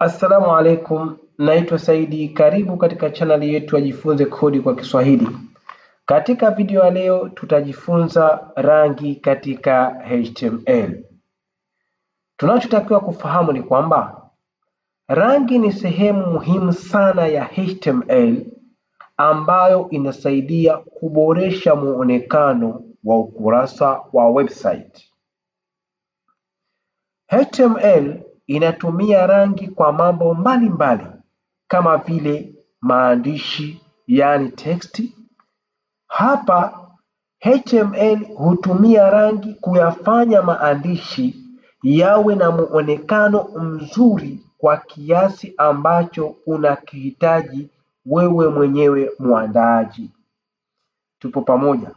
Assalamu alaikum, naitwa Saidi. Karibu katika chaneli yetu Ajifunze Kodi kwa Kiswahili. Katika video ya leo tutajifunza rangi katika HTML. Tunachotakiwa kufahamu ni kwamba rangi ni sehemu muhimu sana ya HTML ambayo inasaidia kuboresha muonekano wa ukurasa wa website. HTML inatumia rangi kwa mambo mbalimbali kama vile maandishi yani text. Hapa HTML hutumia rangi kuyafanya maandishi yawe na muonekano mzuri kwa kiasi ambacho unakihitaji wewe mwenyewe mwandaaji. Tupo pamoja?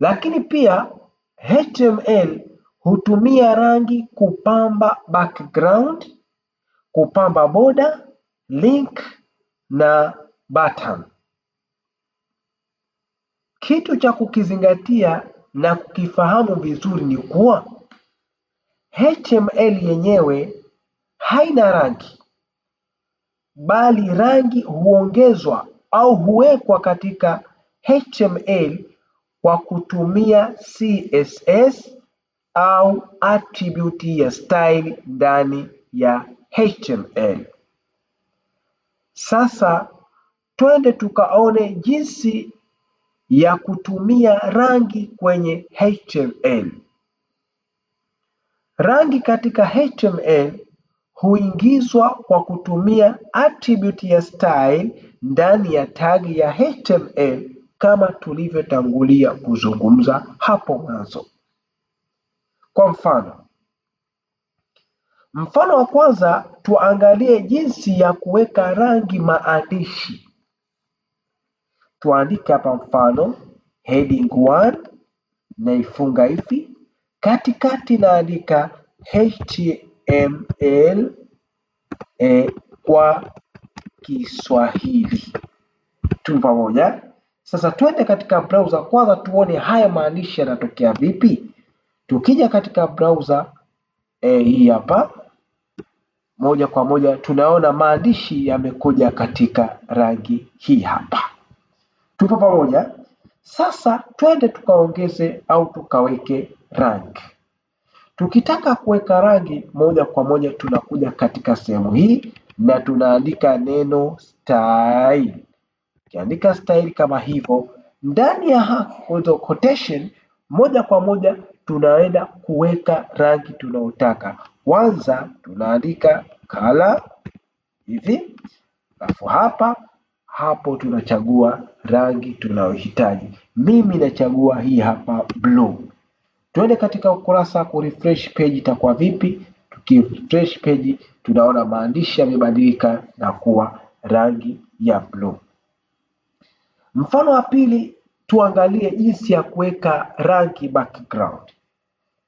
Lakini pia HTML Hutumia rangi kupamba background kupamba border link na button Kitu cha kukizingatia na kukifahamu vizuri ni kuwa HTML yenyewe haina rangi bali rangi huongezwa au huwekwa katika HTML kwa kutumia CSS au attribute ya style ndani ya HTML. Sasa twende tukaone jinsi ya kutumia rangi kwenye HTML. Rangi katika HTML huingizwa kwa kutumia attribute ya style ndani ya tag ya HTML kama tulivyotangulia kuzungumza hapo mwanzo. Kwa mfano, mfano wa kwanza tuangalie jinsi ya kuweka rangi maandishi. Tuandike hapa mfano heading 1 naifunga hivi, katikati naandika HTML e, kwa Kiswahili tu pamoja. Sasa twende katika browser kwanza tuone haya maandishi yanatokea vipi. Tukija katika browser eh, hii hapa moja kwa moja tunaona maandishi yamekuja katika rangi hii hapa. Tupo pamoja. Sasa twende tukaongeze au tukaweke rangi. Tukitaka kuweka rangi moja kwa moja tunakuja katika sehemu hii na tunaandika neno style. Ukiandika style kama hivyo, ndani ya quotation moja kwa moja tunaenda kuweka rangi tunaotaka. Kwanza tunaandika kala hivi, alafu hapa hapo tunachagua rangi tunayohitaji. Mimi nachagua hii hapa blue. Tuende katika ukurasa refresh page itakuwa vipi? refresh page tunaona maandishi yamebadilika na kuwa rangi ya blue. Mfano wa pili tuangalie jinsi ya kuweka rangi background.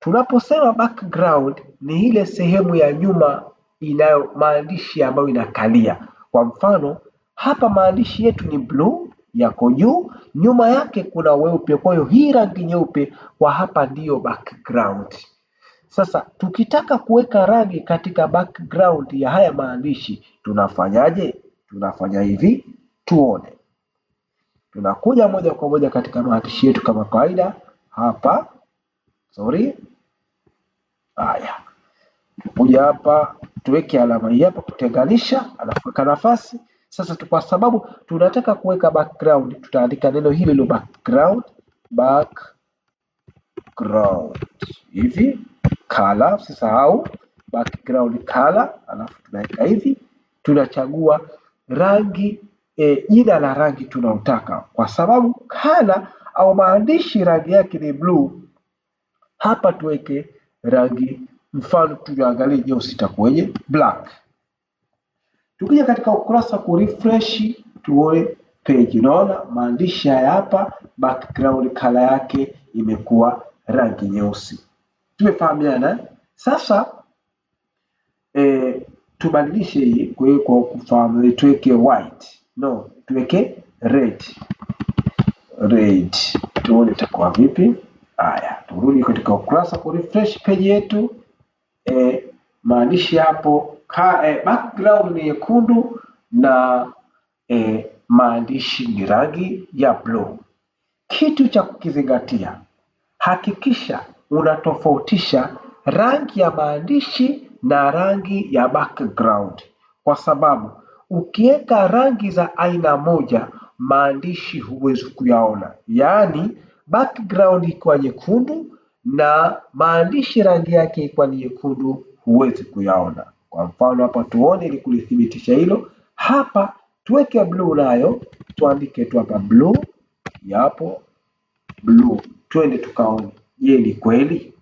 Tunaposema background ni ile sehemu ya nyuma inayo maandishi ambayo inakalia. Kwa mfano hapa maandishi yetu ni blue yako juu, nyuma yake kuna weupe. Kwa hiyo hii rangi nyeupe kwa hapa ndiyo background. Sasa tukitaka kuweka rangi katika background ya haya maandishi tunafanyaje? Tunafanya hivi, tuone. Tunakuja moja kwa moja katika maandishi yetu kama kawaida hapa, sorry Haya, kuja hapa tuweke alama hii hapa kutenganisha, alafu kuweka nafasi. Sasa kwa sababu tunataka kuweka background, tutaandika neno hili lo background, background hivi color, usisahau background color, alafu tunaweka hivi, tunachagua rangi e, jina la rangi tunaotaka, kwa sababu color au maandishi rangi yake ni blue. Hapa tuweke rangi. Mfano tuangalie nyeusi itakuwaje, black. Tukija katika ukurasa refresh tuone page, unaona maandishi haya hapa, background color yake imekuwa rangi nyeusi. Tumefahamiana eh? sasa. E, tubadilishe hii kwa kwa kufahamu, tuweke white no, tuweke red red, tuone itakuwa vipi. Haya, turudi katika ukurasa ku refresh page yetu. E, maandishi hapo ka, e, background ni nyekundu na e, maandishi ni rangi ya blue. Kitu cha kukizingatia, hakikisha unatofautisha rangi ya maandishi na rangi ya background, kwa sababu ukiweka rangi za aina moja maandishi huwezi kuyaona, yaani background ikiwa nyekundu na maandishi rangi yake ikiwa ni nyekundu, huwezi kuyaona. Kwa mfano hapa tuone, ili kulithibitisha hilo. Hapa tuweke bluu nayo, tuandike tu hapa bluu, yapo bluu, twende tukaone, je ni kweli?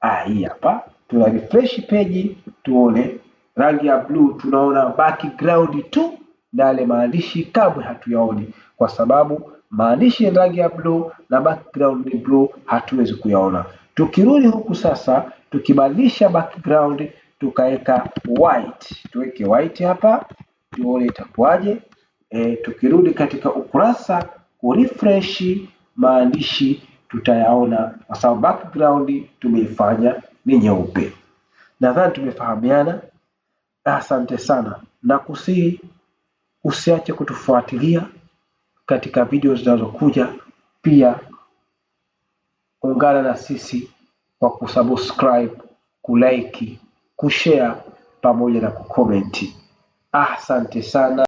Ah, hii hapa tuna refresh page, tuone rangi ya bluu, tunaona background tu na yale maandishi kamwe hatuyaoni kwa sababu maandishi ya rangi ya bluu na background bluu hatuwezi kuyaona. Tukirudi huku sasa, tukibadilisha background tukaweka white, tuweke white hapa tuone itakuwaje. E, tukirudi katika ukurasa kurefresh maandishi tutayaona, kwa sababu background tumeifanya ni nyeupe. Nadhani tumefahamiana. Asante sana na kusii, usiache kutufuatilia katika video zinazokuja. Pia ungana na sisi kwa kusubscribe, kulike, kushare pamoja na kukomenti. Asante sana.